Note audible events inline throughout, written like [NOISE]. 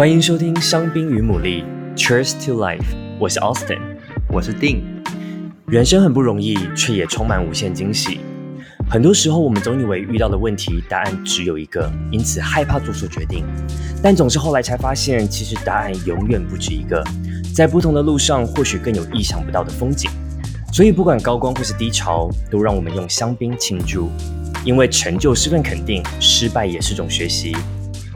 歡迎收聽香檳與牡蠣，Cheers to life！我是 Austin，我是丁。人生很不容易，卻也充滿無限驚喜。很多時候，我們總以為遇到的問題答案只有一個，因此害怕做錯決定。但總是後來才發現，其實答案永遠不止一個。在不同的路上，或許更有意想不到的風景。所以，不管高光或是低潮，都讓我們用香檳慶祝，因為成就是份肯定，失敗也是種學習。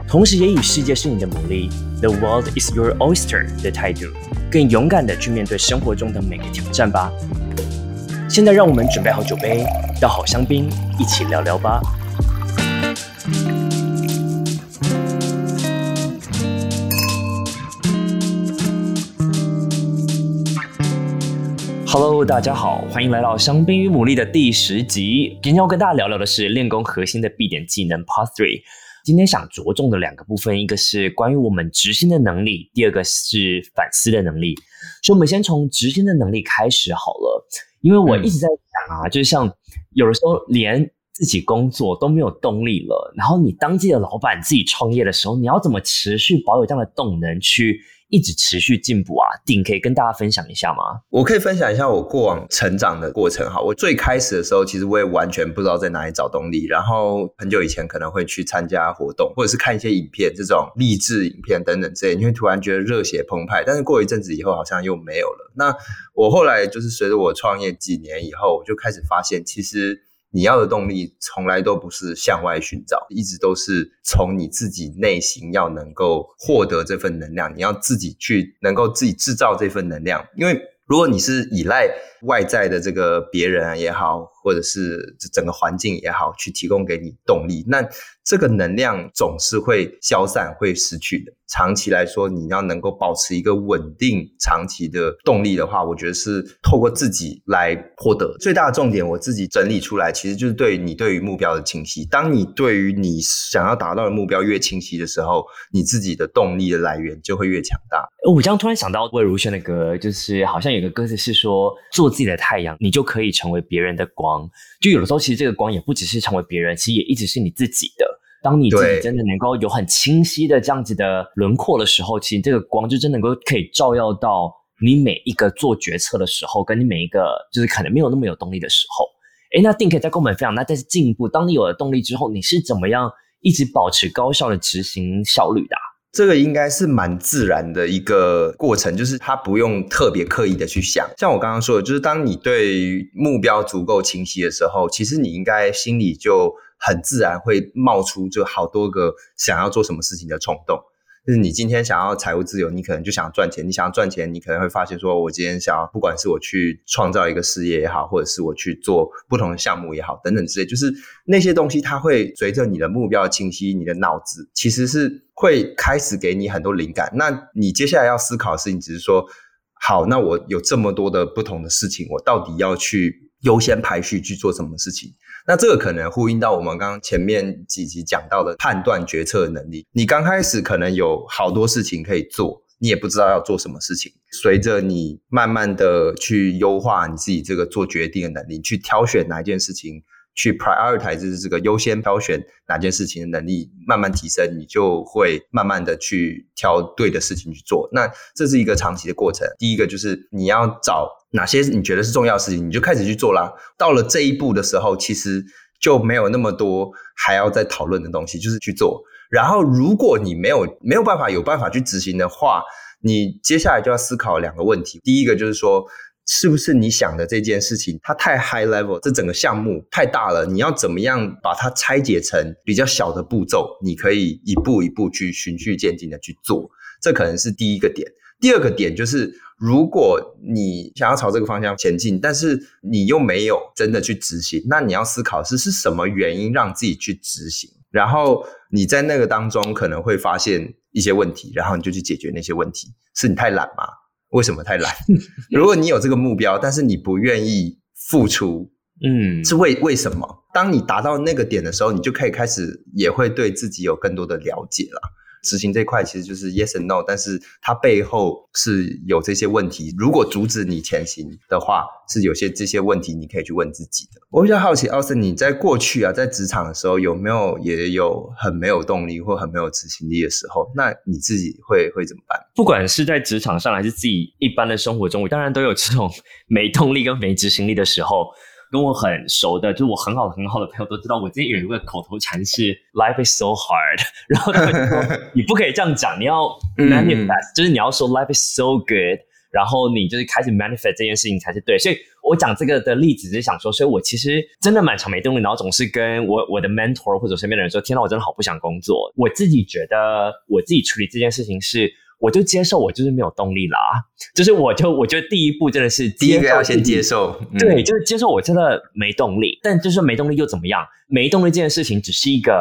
同時，也與“世界是你的牡蠣，The world is your oyster” 的態度，更勇敢的去面對生活中的每個挑戰吧。現在，讓我們準備好酒杯，倒好香檳，一起聊聊吧。Hello，大家好，歡迎來到《香檳與牡蠣》的第十集。今天要跟大家聊聊的是練功核心的必點技能 Part Three。今天想着重的兩個部分，一個是關於我們執行的能力，第二個是反思的能力。所以，我們先從執行的能力開始好了，因為我一直在講啊，嗯、就像有的時候連自己工作都沒有動力了，然後你當地的老板、自己創業的時候，你要怎麼持續保有這樣的動能去一直持續進步啊，丁可以跟大家分享一下嗎？我可以分享一下我過往成長的過程哈。我最開始的時候，其實我也完全不知道在哪裡找動力。然後很久以前可能會去參加活動，或者是看一些影片，這種勵志影片等等這些，你會突然覺得熱血澎湃。但是過一陣子以後，好像又沒有了。那我後來就是隨着我創業幾年以後，我就開始發現，其實。你要的動力從來都不是向外尋找，一直都是從你自己內心要能夠獲得這份能量。你要自己去能夠自己製造這份能量，因為如果你是依賴。外在的這個別人也好，或者是整個環境也好，去提供給你動力。那這個能量總是會消散、會失去的。長期來說，你要能夠保持一個穩定、長期的動力的話，我覺得是透過自己來獲得。最大的重點，我自己整理出來，其實就是對你對於目標的清晰。當你對於你想要達到的目標越清晰的時候，你自己的動力的來源就會越強大。我這樣突然想到魏如萱的歌，就是好像有個歌詞是說自己的太陽，你就可以成為別人的光。就有的時候，其實這個光也不只是成為別人，其實也一直是你自己的。當你自己真的能夠有很清晰的這樣子的輪廓的時候，對其實這個光就真的能夠可以照耀到你每一個做決策的時候，跟你每一個就是可能沒有那麼有動力的時候。哎、欸，那定可以再跟我們分享，那再進一步，當你有了動力之後，你是怎麼樣一直保持高效的執行效率的、啊？這個應該是蠻自然的一個過程，就是他不用特別刻意的去想。像我剛剛說的，就是當你對目標足夠清晰的時候，其實你應該心裡就很自然會冒出就好多個想要做什麼事情的衝動。就是你今天想要財務自由，你可能就想賺錢。你想要賺錢，你可能會發現說，我今天想要，不管是我去創造一個事業也好，或者是我去做不同的項目也好，等等之類，就是那些東西，它會隨着你的目標清晰，你的腦子其實是會開始給你很多靈感。那你接下來要思考的事情，只是說，好，那我有這麼多的不同的事情，我到底要去，優先排序去做什麼事情，那這個可能呼應到我們剛剛前面幾集講到的判斷決策的能力。你剛開始可能有好多事情可以做，你也不知道要做什麼事情。隨着你慢慢的去優化你自己這個做決定的能力，去挑選哪一件事情去 prioritize，就是這個優先挑選哪件事情的能力慢慢提升，你就會慢慢的去挑對的事情去做。那這是一個長期的過程。第一個就是你要找。哪些你覺得是重要的事情，你就開始去做啦。到了這一步的時候，其實就沒有那麼多還要再討論的東西，就是去做。然後，如果你沒有沒有辦法有辦法去執行的話，你接下來就要思考兩個問題。第一個就是說，是不是你想的這件事情它太 high level，這整個項目太大了，你要怎麼樣把它拆解成比較小的步驟，你可以一步一步去循序漸進的去做。這可能是第一個點。第二個點就是，如果你想要朝這個方向前進，但是你又沒有真的去執行，那你要思考是是什麼原因讓自己去執行。然後你在那個當中可能會發現一些問題，然後你就去解決那些問題。是你太懶嗎？為什麼太懶？ [LAUGHS] 如果你有這個目標，但是你不願意付出，嗯，是為為什麼？當你達到那個點的時候，你就可以開始，也會對自己有更多的了解了。執行這塊其實就是 yes and no，但是它背後是有這些問題。如果阻止你前行的話，是有些這些問題，你可以去問自己的。我比較好奇，奧斯，你在過去啊，在職場的時候有沒有也有很沒有動力或很沒有執行力的時候？那你自己會會怎麼辦？不管是在職場上還是自己一般的生活中，我當然都有這種沒動力跟沒執行力的時候。跟我很熟的，就是我很好的很好的朋友都知道，我自己有一個口頭禪是 life is so hard，然後他們說 [LAUGHS] 你不可以這樣講，你要 manifest，、嗯、就是你要說 life is so good，然後你就是開始 manifest 這件事情才是對。所以我講這個的例子是想說，所以我其實真的蠻常沒動力，然後總是跟我我的 mentor 或者身邊的人說，天哪，我真的好不想工作。我自己覺得我自己處理這件事情是。我就接受，我就是沒有動力啦。就是我就我覺得第一步真的是第一個要先接受，嗯、對，就是接受我真的沒動力。但就是沒動力又怎麼樣？沒動力這件事情只是一個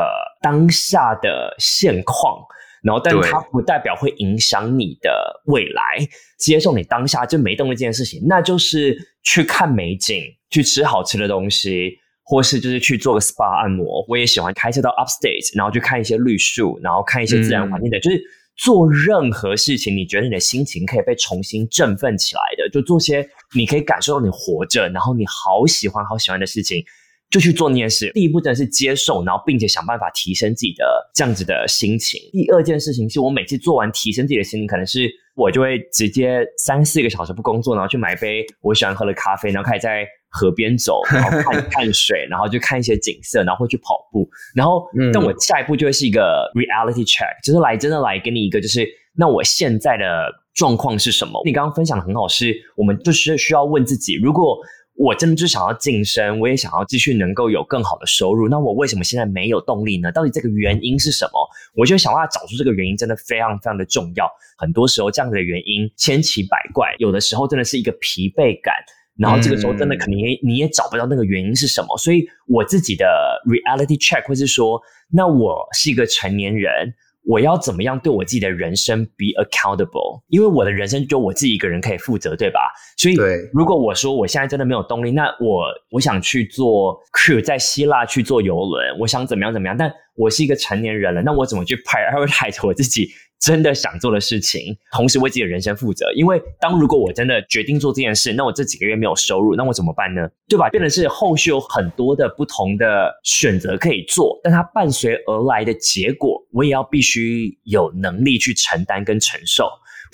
當下的現況，然後但它不代表會影響你的未來。對接受你當下就沒動力這件事情，那就是去看美景，去吃好吃的東西，或是就是去做個 SPA 按摩。我也喜歡開車到 Upstate，然後去看一些綠樹，然後看一些自然環境的，嗯、就是。做任何事情，你覺得你的心情可以被重新振奮起來的，就做些你可以感受到你活着，然後你好喜歡、好喜歡的事情，就去做那件事。第一步真的是接受，然後並且想辦法提升自己的這樣子的心情。第二件事情是我每次做完提升自己的心情，可能是。我就會直接三四個小時不工作，然後去買杯我喜歡喝的咖啡，然後開始在河邊走，然後看一 [LAUGHS] 看水，然後就看一些景色，然後會去跑步，然後，嗯，但我下一步就會是一個 reality check，就是來真的來給你一個，就是那我現在的狀況是什麼？你剛剛分享的很好是，是我們就是需要問自己，如果。我真的就想要晉升，我也想要繼續能夠有更好的收入。那我為什麼現在沒有動力呢？到底這個原因是什麼？我就想要找出這個原因，真的非常非常的重要。很多時候，這樣的原因千奇百怪，有的時候真的是一個疲憊感，然後這個時候真的可能也、嗯、你也找不到那個原因是什麼。所以我自己的 reality check 或是說，那我是一個成年人。我要怎麼樣對我自己的人生 be accountable？因為我的人生就我自己一個人可以負責，對吧？所以如果我說我現在真的沒有動力，那我我想去做 crew 在希臘去做遊輪，我想怎麼樣怎麼樣？但我是一個成年人了，那我怎麼去 prioritize 我自己？真的想做的事情，同時為自己的人生負責。因為當如果我真的決定做這件事，那我這幾個月沒有收入，那我怎麼辦呢？對吧？變成是後續有很多的不同的選擇可以做，但它伴隨而來的結果，我也要必須有能力去承擔跟承受。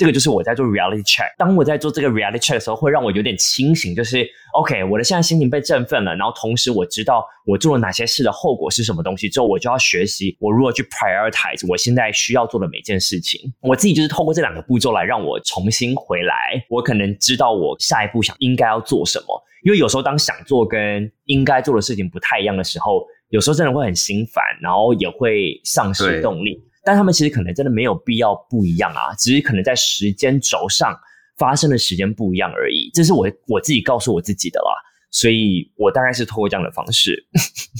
這個就是我在做 reality check。當我在做這個 reality check 的時候，會讓我有點清醒，就是 OK，我的現在心情被振奮了。然後同時，我知道我做了哪些事的後果是什麼東西之後，我就要學習我如何去 prioritize 我現在需要做的每件事情。我自己就是透過這兩個步驟來讓我重新回來。我可能知道我下一步想應該要做什麼，因為有時候當想做跟應該做的事情不太一樣的時候，有時候真的會很心煩，然後也會喪失動力。但他們其實可能真的沒有必要不一樣啊，只是可能在時間軸上發生的時間不一樣而已。這是我我自己告訴我自己的啦，所以我大概是透過這樣的方式。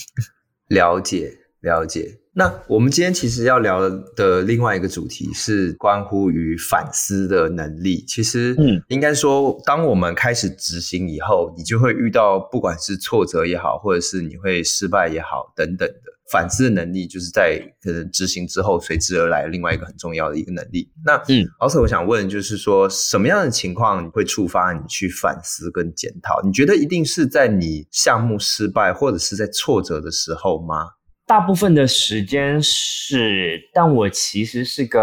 [LAUGHS] 了解了解。那我們今天其實要聊的另外一個主題是關乎於反思的能力。其實，嗯，應該說，當我們開始執行以後，你就會遇到不管是挫折也好，或者是你會失敗也好，等等的。反思的能力，就是在可能執行之後隨之而來另外一個很重要的一個能力。那，嗯，also，我想問，就是說什麼樣的情況會觸發你去反思跟檢討？你覺得一定是在你項目失敗或者是在挫折的時候嗎？大部分的時間是，但我其實是個，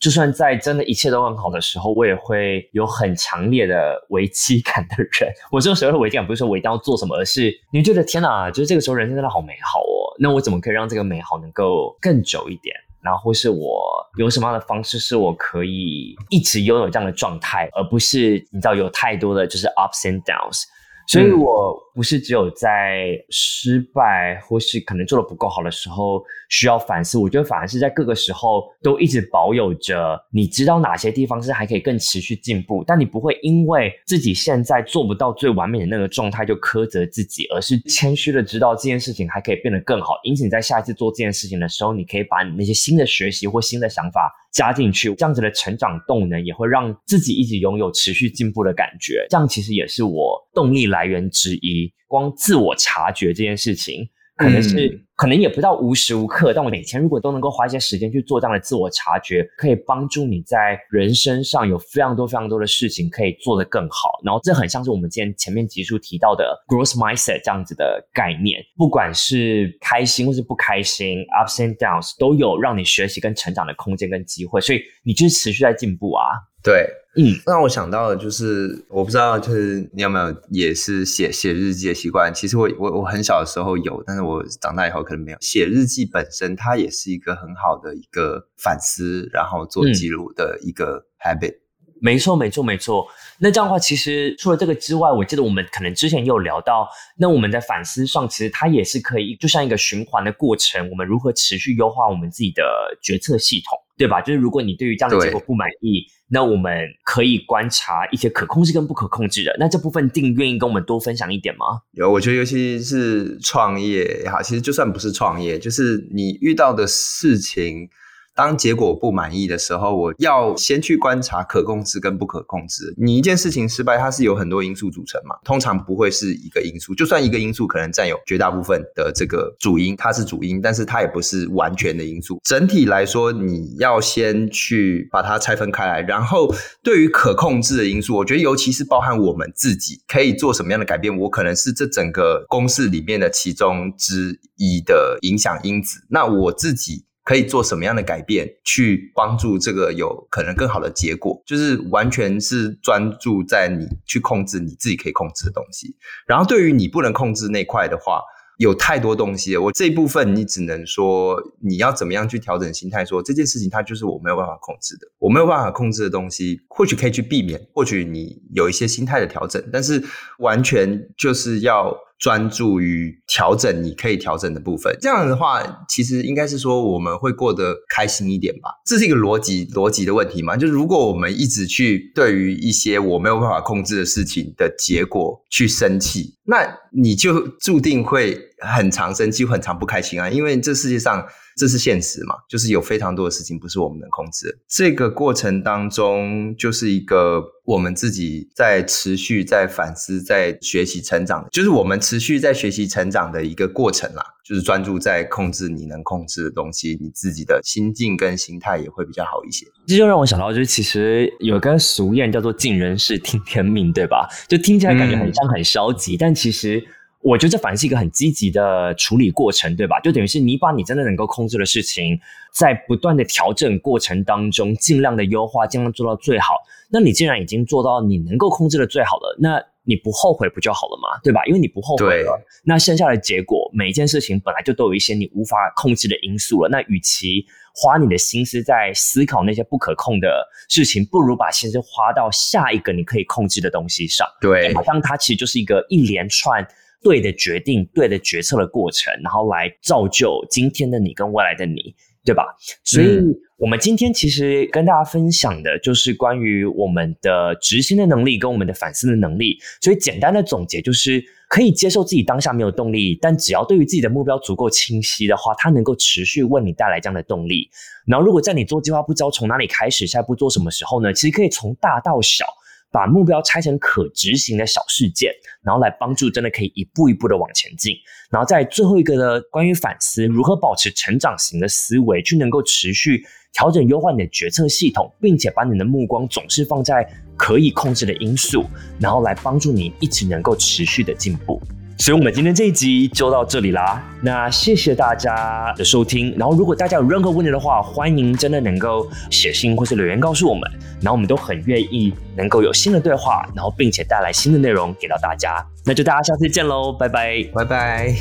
就算在真的一切都很好的時候，我也會有很強烈的危機感的人。我說所謂的危機感，不是說我一定要做什麼，而是你覺得天哪，就是這個時候人生真的好美好哦，那我怎麼可以讓這個美好能夠更久一點？然後或是我有什麼樣的方式，是我可以一直擁有這樣的狀態，而不是你知道有太多的，就是 ups and downs。所以，我不是只有在失敗或是可能做得不夠好的時候需要反思。我覺得反而是在各個時候都一直保有着，你知道哪些地方是還可以更持續進步，但你不會因為自己現在做不到最完美的那個狀態就苛責自己，而是謙虛的知道這件事情還可以變得更好，因此你在下一次做這件事情的時候，你可以把你那些新的學習或新的想法加進去，這樣子的成長動能也會讓自己一直擁有持續進步的感覺。這樣其實也是我。動力來源之一，光自我察覺這件事情，可能是、嗯。可能也不到無時無刻，但我每天如果都能夠花一些時間去做這樣的自我察覺，可以幫助你在人生上有非常多非常多的事情可以做得更好。然後這很像是我們今天前面集數提到的 growth mindset 這樣子的概念，不管是開心或是不開心，ups and downs 都有讓你學習跟成長的空間跟機會，所以你就是持續在進步啊。對，嗯，讓我想到的就是我不知道，就是你有沒有也是寫寫日記的習慣？其實我我我很小的時候有，但是我長大以後。可能沒有寫日記本身，它也是一個很好的一個反思，然後做記錄的一個 habit。沒錯、嗯，沒錯，沒錯。那這樣的話，其實除了這個之外，我記得我們可能之前也有聊到，那我們在反思上，其實它也是可以，就像一個循環的過程，我們如何持續優化我們自己的決策系統。對吧？就是如果你對於這樣的結果不滿意，對那我們可以觀察一些可控制跟不可控制的。那這部分，定願意跟我們多分享一點嗎？有，我覺得尤其是創業也好，其實就算不是創業，就是你遇到的事情。當結果不滿意的時候，我要先去觀察可控制跟不可控制。你一件事情失敗，它是由很多因素組成嘛，通常不會是一個因素。就算一個因素可能佔有絕大部分的這個主因，它是主因，但是它也不是完全的因素。整體來說，你要先去把它拆分開來。然後，對於可控制的因素，我覺得尤其是包含我們自己可以做什麼樣的改變，我可能是這整個公式裡面的其中之一的影響因子。那我自己。可以做什麼樣的改變，去幫助這個有可能更好的結果？就是完全是專注在你去控制你自己可以控制的東西。然後對於你不能控制那塊的話，有太多東西，我這一部分你只能說你要怎麼樣去調整心態，說這件事情它就是我沒有辦法控制的，我沒有辦法控制的東西，或許可以去避免，或許你有一些心態的調整，但是完全就是要專注於調整你可以調整的部分，這樣的話，其實應該是說我們會過得開心一點吧。這是一個邏輯邏輯的問題嘛？就如果我們一直去對於一些我沒有辦法控制的事情的結果去生氣。那你就注定會很常生氣，很常不開心啊！因為這世界上這是現實嘛，就是有非常多的事情不是我們能控制。這個過程當中，就是一個我們自己在持續在反思、在學習成長，就是我們持續在學習成長的一個過程啦。就是專注在控制你能控制的東西，你自己的心境跟心態也會比較好一些。這就讓我想到，就是其實有個俗諺叫做“盡人事，聽天命”，對吧？就聽起來感覺很像很消極，嗯、但其實我覺得這反而是一個很積極的處理過程，對吧？就等於是你把你真的能夠控制的事情，在不斷的調整過程當中，盡量的優化，盡量做到最好。那你既然已經做到你能夠控制的最好了，那。你不後悔不就好了嗎？對吧？因為你不後悔了，對那剩下的結果，每一件事情本來就都有一些你無法控制的因素了。那與其花你的心思在思考那些不可控的事情，不如把心思花到下一個你可以控制的東西上。對，好像它其實就是一個一連串對的決定、對的決策的過程，然後來造就今天的你跟未來的你。對吧？所以，我們今天其實跟大家分享的就是關於我們的執行的能力跟我們的反思的能力。所以，簡單的總結就是，可以接受自己當下沒有動力，但只要對於自己的目標足夠清晰的話，它能夠持續為你帶來這樣的動力。然後，如果在你做計劃不知道從哪裡開始，下一步做什麼時候呢？其實可以從大到小。把目標拆成可執行的小事件，然後來幫助真的可以一步一步的往前進。然後在最後一個呢，關於反思，如何保持成長型的思維，去能夠持續調整優化你的決策系統，並且把你的目光總是放在可以控制的因素，然後來幫助你一直能夠持續的進步。所以，我們今天這一集就到這裡啦。那謝謝大家的收聽。然後，如果大家有任何問題的話，歡迎真的能夠寫信或是留言告訴我們。然後，我們都很願意能夠有新的對話，然後並且帶來新的內容給到大家。那就大家下次見嘍，拜拜，拜拜。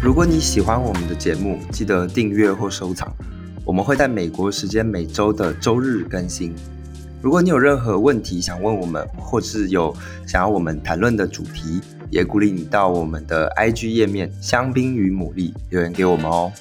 如果你喜歡我們的節目，記得訂閱或收藏。我們會在美國時間每周的周日更新。如果你有任何問題想問我們，或是有想要我們談論的主題，也鼓勵你到我們的 IG 頁面“香檳與牡蠣”留言給我們哦。